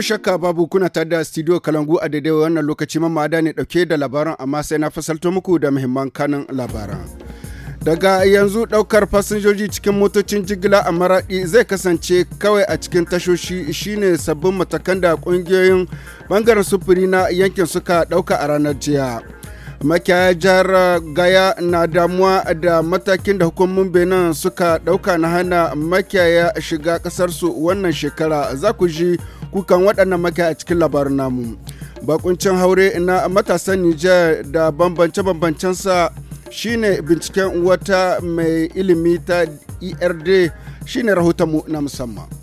Ko shakka babu kuna ta da studio Kalangu a daidai wannan lokaci mamada ne dauke da labaran amma sai na fasalto muku da muhimman kanin labaran. Daga yanzu daukar fasinjoji cikin motocin jigila a maraɗi zai kasance kawai a cikin tashoshi shine sabbin matakan da kungiyoyin bangaren sufuri na yankin suka dauka a ranar jiya. makiyaya jihar gaya na damuwa da matakin da hukumomin benin suka dauka na hana makiyaya shiga kasarsu wannan shekara za ku ji kukan waɗannan maka a cikin labarin namu. Bakuncin haure na matasan Nijar da bambance-bambancensa shine binciken wata mai ilimi ta ERD shine rahotonmu na musamman.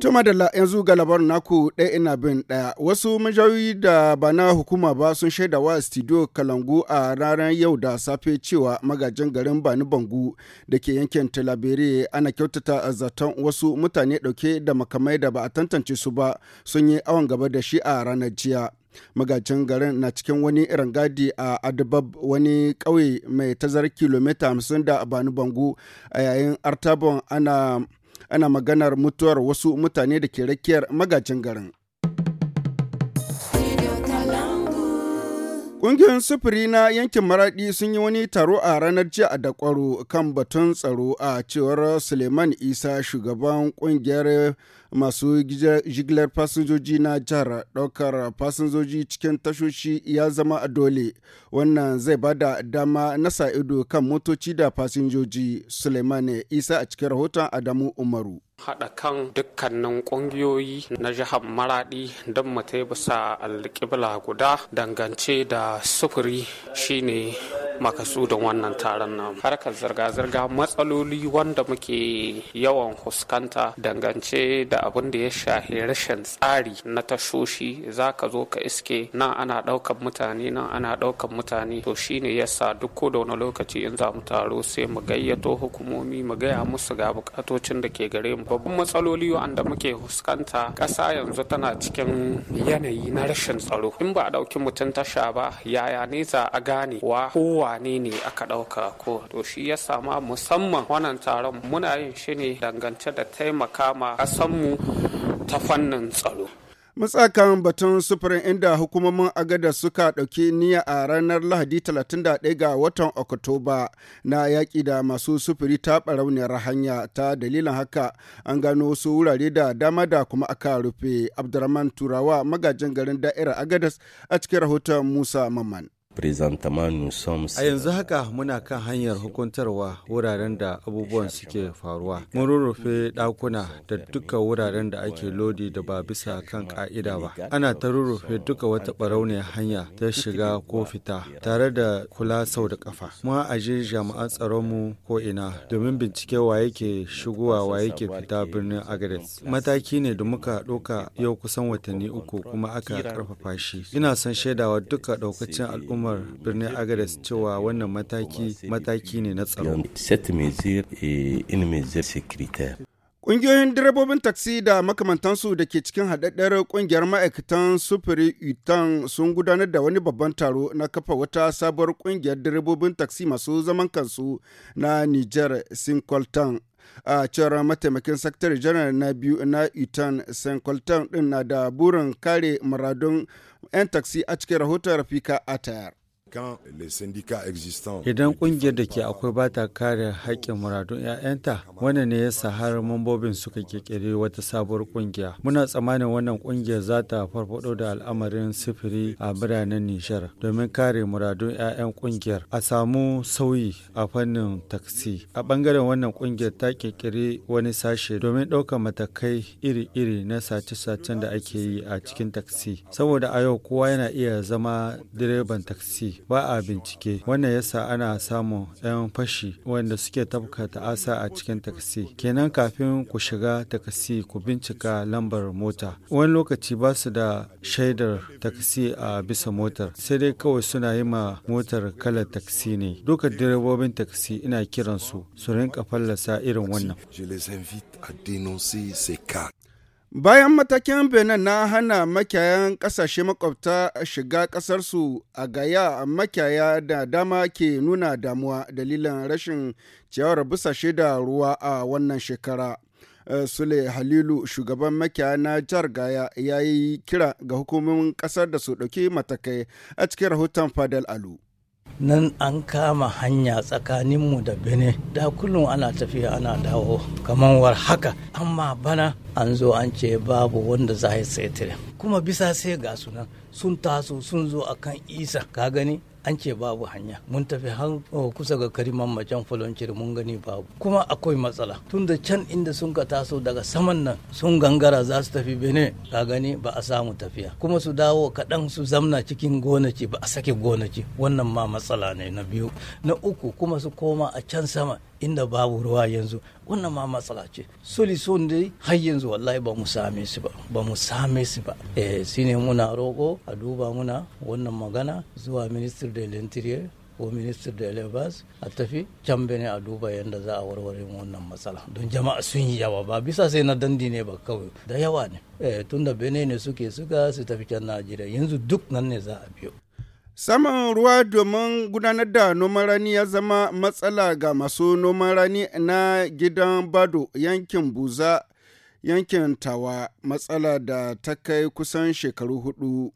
Tuma da yanzu ga labarin naku ɗaya ina bin ɗaya wasu majayoyi da ba na hukuma ba sun shaida wa studio Kalangu a ranar yau da safe cewa magajin garin Bani Bangu da ke yankin Talabere ana kyautata a zaton wasu mutane ɗauke da makamai da ba a tantance su ba sun yi awon gaba da shi a ranar jiya. magajin garin na cikin wani irin gadi a adabab wani ƙauye mai tazar kilomita 50 da bani bangu a yayin artabon ana ana maganar mutuwar wasu mutane da ke rakiyar magajin garin. Ƙungiyoyin sufuri na yankin Maraɗi sun yi wani taro a ranar jiya a Dakwaro kan batun tsaro a cewar Suleiman Isa shugaban ƙungiyar masu jigilar fasinjoji na jihar ɗaukar fasinjoji cikin tashoshi ya zama a dole. Wannan zai ba da dama nasa ido kan motoci da fasinjoji Suleiman Isa a cikin rahoton Adamu Umaru. haɗa kan dukkanin ƙungiyoyi na jihar maradi don mu bisa alƙibla guda dangance da sufuri shine makasudin wannan taron nan harkar zirga-zirga matsaloli wanda muke yawan huskanta dangance da abin da ya shahi rashin tsari na tashoshi za ka zo ka iske nan ana ɗaukan mutane nan ana ɗaukan mutane to shine yasa duk ko da wani lokaci in za mu taro sai mu gayyato hukumomi mu gaya musu ga bukatocin da ke gare mu babban matsaloli wanda muke huskanta ƙasa yanzu tana cikin yanayi na rashin tsaro in ba a ɗauki mutum tasha ba yaya ne za a gane wa kowa wane ne aka ɗauka ko to shi ya sama musamman wannan taron muna yin shi ne dangance da taimaka ma kasanmu ta fannin tsaro matsakan batun sufurin inda hukumomin agada suka ɗauki niyya a ranar lahadi 31 ga watan oktoba na yaƙi da masu sufuri ta ɓarauniyar hanya ta dalilin haka an gano wasu wurare da dama da kuma aka rufe abdurrahman turawa magajin garin da'irar agadas a cikin rahoton musa mamman. A yanzu haka muna kan hanyar hukuntarwa wuraren da abubuwan suke faruwa. Mun rurrufe ɗakuna da duka wuraren da ake lodi da ba bisa kan ƙa'ida ba. Ana ta rurrufe duka wata barauniyar hanya ta shiga ko fita tare da kula sau da ƙafa. Mun aje jami'an tsaronmu ko ina domin bincike wa yake shigowa wa yake fita birnin Agadez. Mataki ne da muka ɗauka yau kusan watanni uku kuma aka ƙarfafa shi. Ina son shaidawa duka ɗaukacin al'umma hukumar birnin agadas cewa wannan mataki mataki ne na tsaro Ƙungiyoyin direbobin taksi da makamantansu da ke cikin haɗaɗɗar ƙungiyar ma'aikatan sufuri utan sun gudanar da wani babban taro na kafa wata sabuwar ƙungiyar direbobin taksi masu zaman kansu na Niger Sinkoltan a cewar mataimakin sakatare janar na biyu na itan sankoltan din na da burin kare muradun 'yan taksi a cikin rahoton rafika tayar Idan ƙungiyar da ke akwai ba ta kare haƙƙin muradun 'ya'yanta, wannan ne yasa har mambobin suka ƙirƙiri wata sabuwar ƙungiya. Muna tsammanin wannan ƙungiyar za ta farfaɗo da al'amarin sifiri a biranen Nijar domin kare muradun 'ya'yan ƙungiyar. A samu sauyi a fannin taksi. A bangaren wannan ƙungiyar ta ƙirƙiri wani sashe domin ɗaukar matakai iri-iri na sace-sacen da ake yi a cikin taksi. Saboda a yau kowa yana iya zama direban taksi. ba a bincike wannan yasa ana samun 'yan fashi wanda suke tafka ta'asa a cikin takasi kenan kafin ku shiga takasi ku bincika lambar mota wani lokaci ba su da shaidar takasi a bisa motar sai dai kawai suna yi ma motar kalar takasi ne duka direbobin takasi ina kiransu su rinka fallasa irin wannan Bayan matakin Benin na hana makiyayan ƙasashe makwabta shiga ƙasarsu a gaya makiyaya da dama ke nuna damuwa dalilin rashin ciyawar busashe da ruwa a wannan shekara. Eh, Sule Halilu shugaban makiyaya na jihar Gaya ya yi kira ga hukumomin ƙasar da su ɗauki matakai a cikin rahoton Fadal Alu. nan an kama hanya tsakaninmu da bene da kullum ana tafiya ana dawo kamar war haka amma bana an zo an ce babu wanda za a tsaye kuma bisa sai ga sunan sun taso sun zo akan isa ka gani an ce babu hanya mun tafi har oh, kusa ga kariman macen faloncir mun gani babu kuma akwai matsala tun da can inda sun ka taso daga saman nan sun gangara za su tafi bene ka gani ba a samu tafiya kuma su dawo kaɗan su zamna cikin gonaci ba a sake gonaci wannan ma matsala ne na biyu na uku kuma su koma a can sama inda babu ruwa yanzu wannan ma matsala ce solution dai har yanzu wallahi ba mu same su ba ba mu same su ba eh muna roƙo a duba muna wannan magana zuwa minister da interior ko minister da labas a tafi can bene a duba yanda za a warware wannan matsala don jama'a sun yi yawa ba bisa sai na dandi ne ba kawai da yawa ne eh, tunda bene ne suke suka su tafi can najeriya yanzu duk nan ne za a biyo Saman ruwa domin gudanar da noman rani ya zama matsala ga masu noman rani na gidan Bado yankin Buza yankin Tawa matsala da ta kai kusan shekaru hudu.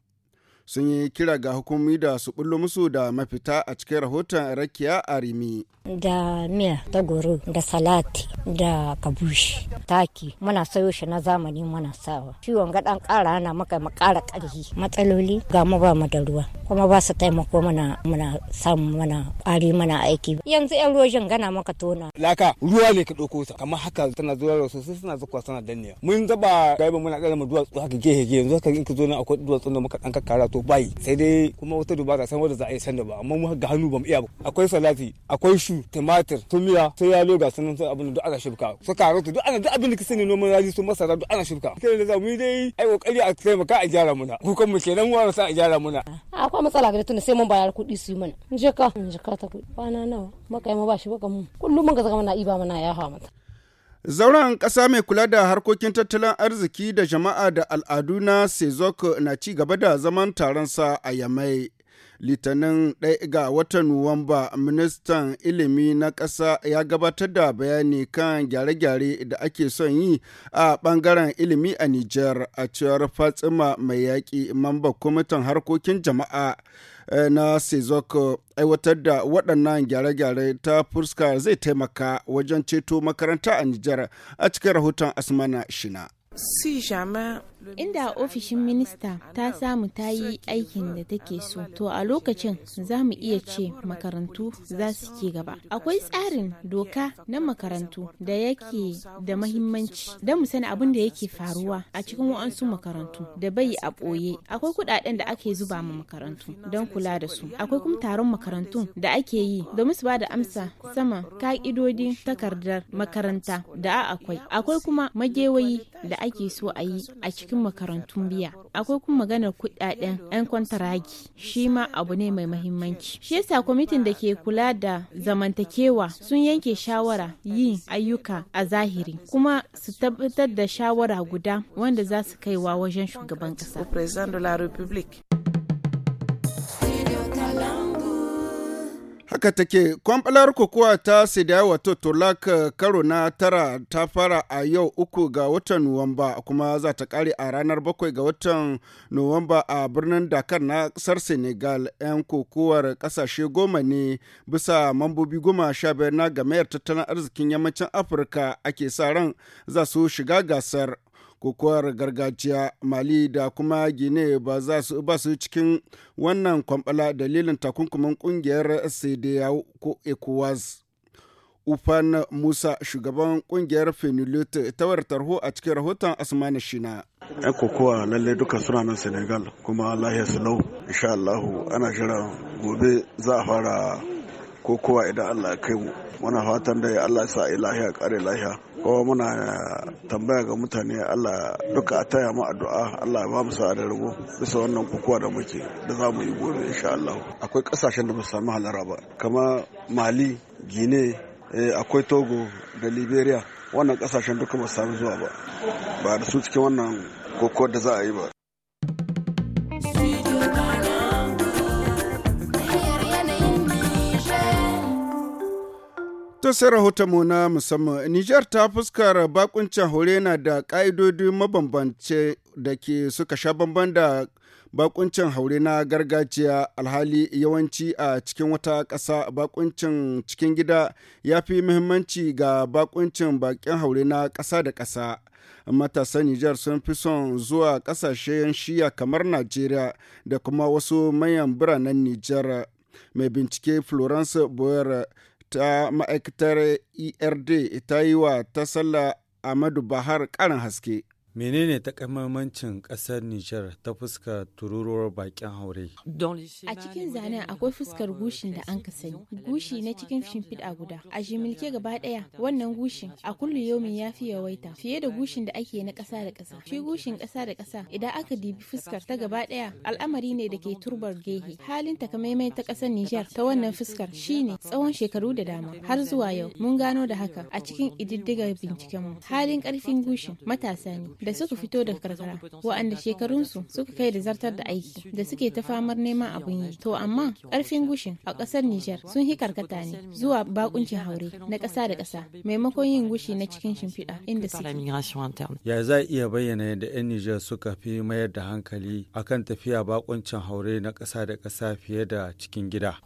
sun yi kira ga hukumi da su bullo musu da mafita a cikin rahoton rakiya arimi da miya da goro da salati da kabushi taki muna sayo shi na zamani muna sawa ciwon gadan kara na maka makara karhi matsaloli ga mu ba mu da ruwa kuma ba su taimako mana muna samu mana kwari mana aiki yanzu yan ruwa gana maka tona laka ruwa ne ka ɗauko sa. kamar haka tana zuwa da sosai suna zuwa sana danniya mun zaba gaiba muna kara mu duwatsu haka gehe gehe yanzu haka in ka zo nan akwai duwatsu da muka dan kakkara to bai sai dai kuma wata dubata san wanda za a yi sanda ba amma mu ga hannu ba mu iya ba akwai salati akwai shu tumatir tumiya sai ya loga sanan sai abin da aka shibka su karatu duk ana duk abin da kisa ne noman raji su masara duk ana shibka kai da za mu yi dai ai kokari a taimaka a gyara muna kan mu kenan wa sa a gyara muna ah, akwai matsala ga tunda sai mun bayar kuɗi su yi mana je ka je ka ta kuɗi bana nawa makai ma ba shi ba kamun kullum mun ga zama na iba mana ya hawa mata Zauren ƙasa mai kula da harkokin tattalin arziki da jama'a da al'adu na Sezok na ci gaba da zaman taronsa a Yamai. Litinin ɗaya ga watan Nuwamba, ministan ilimi na ƙasa ya gabatar da bayani kan gyare-gyare da ake son yi a ɓangaren ilimi a Nijar a cewar Fatsima mai yaƙi mamba kwamitin harkokin jama'a. Eh, na sezoko eh, aiwatar da waɗannan gyare-gyare ta fuska zai taimaka wajen ceto makaranta a nijar a cikin rahoton asmana shina Si jamais inda ofishin minista ta samu ta yi aikin da take so to a lokacin za mu iya ce makarantu za su ke gaba akwai tsarin doka na makarantu da yake da mahimmanci don mu sani abin da yake faruwa a cikin wa'ansu makarantu da bai a ɓoye akwai kuɗaɗen da ake zuba ma makarantu don kula da su akwai kuma taron makarantu da ake yi domin su ba da amsa sama ka'idodin takardar makaranta da akwai akwai kuma magewayi da ake so a yi a cikin cikin makarantun biya akwai kuma maganar kudaden yan kwantaragi shi ma abu ne mai mahimmanci shi yasa kwamitin da ke kula da zamantakewa sun yanke shawara yin ayyuka a zahiri kuma su tabbatar da shawara guda wanda za su kaiwa wajen shugaban kasa Haka take, kwamfalar kokowa ta sida wato Tolak eh, karo na tara ta fara a yau uku ga watan Nuwamba kuma za ta kare a ranar bakwai ga watan Nuwamba a birnin Dakar na ƙasar Senegal 'yan kokowar ƙasashe goma ne bisa mambobi goma sha biyar na gamayar tattalin arzikin yammacin Afirka ake sa ran za su shiga gasar kukuwar gargajiya mali da kuma gine ba za su ba su cikin wannan kwambala dalilin takunkumin kungiyar cdao ko ecowas ufan musa shugaban kungiyar ta tawar tarho a cikin rahoton asmani shina yan kokowa lalle duka suna nan senegal kuma lahiya sulau insha allahu ana jira gobe za a fara kokowa idan allah ya kai mu muna fatan da ya allah sa ilahiya kare lahiya ko muna eh, tambaya ga mutane Allah duka a taya mu addu'a Allah ya ba mu sa'a da rago bisa wannan kukuwa da muke da za mu yi gobe insha Allah akwai kasashen da ba su samu halara ba kama Mali Gine eh, akwai Togo da Liberia wannan kasashen duka ba samu zuwa ba ba da su cikin wannan kokuwar da za a yi ba To sai mu na musamman, Nijar ta fuskar bakuncin haure na da ƙa'idodi mabambance da ke suka sha bamban da bakuncin haure na gargajiya alhali yawanci a cikin wata ƙasa bakuncin cikin gida ya fi muhimmanci ga bakuncin bakin haure na ƙasa da ƙasa. matasan Nijar sun fi son zuwa ƙasashen shiya kamar Najeriya da kuma wasu manyan biranen Nijar. Mai bincike Florence Boyer ta ma'aikatar erd ta yi wa ta sallah amadu bahar karin haske Menene takamaimancin ƙasar Nijar ta fuska tururuwar bakin haure? A cikin zanen akwai fuskar gushin da an ka sani. Gushi na cikin shimfiɗa guda. A jimilke gaba ɗaya wannan gushin a kullu yomi ya fi yawaita fiye da gushin da ake na ƙasa da ƙasa. Shi gushin ƙasa da ƙasa idan aka dibi fuskar ta gaba ɗaya al'amari ne da ke turbar gehe. Halin takamaiman ta ƙasar Nijar ta wannan fuskar shine tsawon shekaru da dama har zuwa yau mun gano da haka a cikin ƙididdigar bincikenmu. Halin ƙarfin gushin matasa ne. da suka fito daga karkara waɗanda shekarunsu suka kai da zartar da aiki da suke ta famar neman abun yi to amma karfin gushin a ƙasar Nijar sun hi karkata ne zuwa bakuncin haure na ƙasa da kasa maimakon yin gushi na cikin shimfiɗa inda suke. Ya za iya bayyana yadda 'yan Nijar suka fi mayar da hankali akan tafiya bakuncin haure na kasa da ƙasa fiye da cikin gida.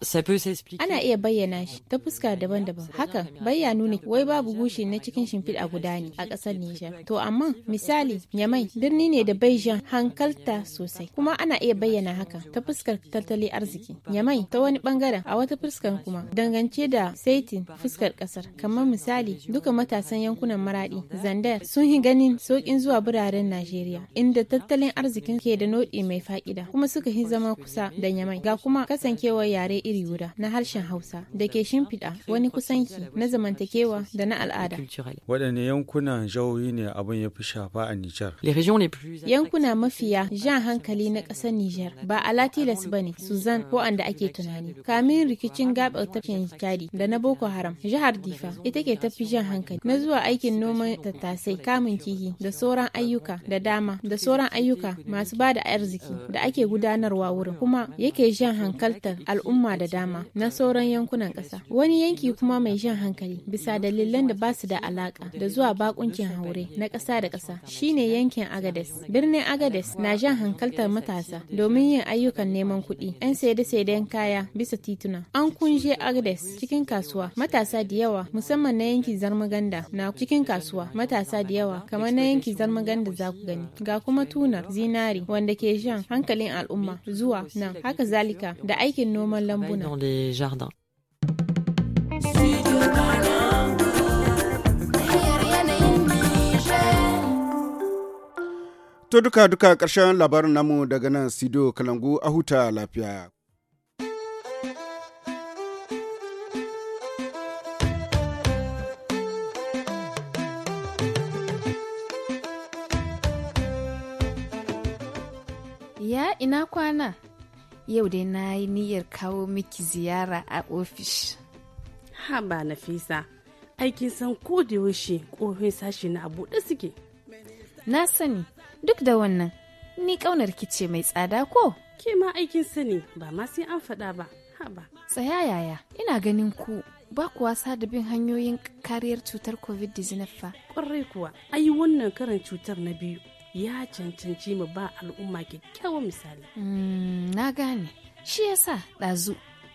Ana iya bayyana shi ta fuska daban-daban haka bayya nuni wai babu gushi na cikin shimfiɗa guda ne a ƙasar Nijar to amma misali misali Yamai birni ne da jan hankalta sosai kuma ana iya bayyana haka ta fuskar tattalin arziki. Yamai ta wani bangaren a wata fuskar kuma dangance da saitin fuskar kasar kamar misali duka matasan yankunan maradi Zandar sun yi ganin saukin zuwa biraren Najeriya inda tattalin arzikin ke da nodi mai fa'ida kuma suka yi zama kusa da Yamai ga kuma kasancewar yare iri guda na harshen Hausa da ke shimfiɗa wani kusanci na zamantakewa da na al'ada. Waɗanne yankunan jihohi ne abin ya fi shafa a Nijar. Yankuna mafiya jan hankali na ƙasar Nijar ba ala tilas ba ne Suzan ko anda ake tunani. Kamin rikicin gabar tafiyan Chadi da na Boko Haram, jihar Difa ita ke tafi jan hankali na zuwa aikin noman tattasai, kamun kihi da sauran ayyuka da dama da sauran ayyuka masu ba da arziki da ake gudanarwa wurin kuma yake jan hankaltar al'umma da dama na sauran yankunan ƙasa. Wani yanki kuma mai jan hankali bisa dalilan da ba su da alaka da zuwa bakuncin haure na ƙasa da ƙasa shine yankin Agades. Birnin Agades na jan hankaltar matasa domin yin ayyukan neman kuɗi, 'yan saide-saiden kaya bisa tituna. An kunje Agades cikin kasuwa, matasa da yawa musamman na yankin Zarmaganda na cikin kasuwa, matasa da yawa kamar na yankin Zarmaganda za ku gani. Ga kuma tunar zinari wanda ke jan hankalin al'umma zuwa nan, haka zalika da aikin noman lambuna. Studio To duka duka ƙarshen labarin namu daga nan Sido Kalangu a huta lafiya. Ya ina kwana? Yau dai na yi niyyar kawo miki ziyara a ofis. Ha ba Nafisa, aikin san ko da yaushe ƙofin sashi na abu da suke. Na sani. Duk da wannan, ni kaunar kice mai tsada ko? Ke ma aikin sani ba ma sai an faɗa ba, ba Tsaya yaya, ina ganin ku ba wasa da bin hanyoyin kariyar cutar covid-19 fa. Ƙwarai kuwa, ayi wannan karin cutar na biyu ya cancanci mu ba al'umma kyakkyawan misali. Hmm, na gane, shi yasa ɗazu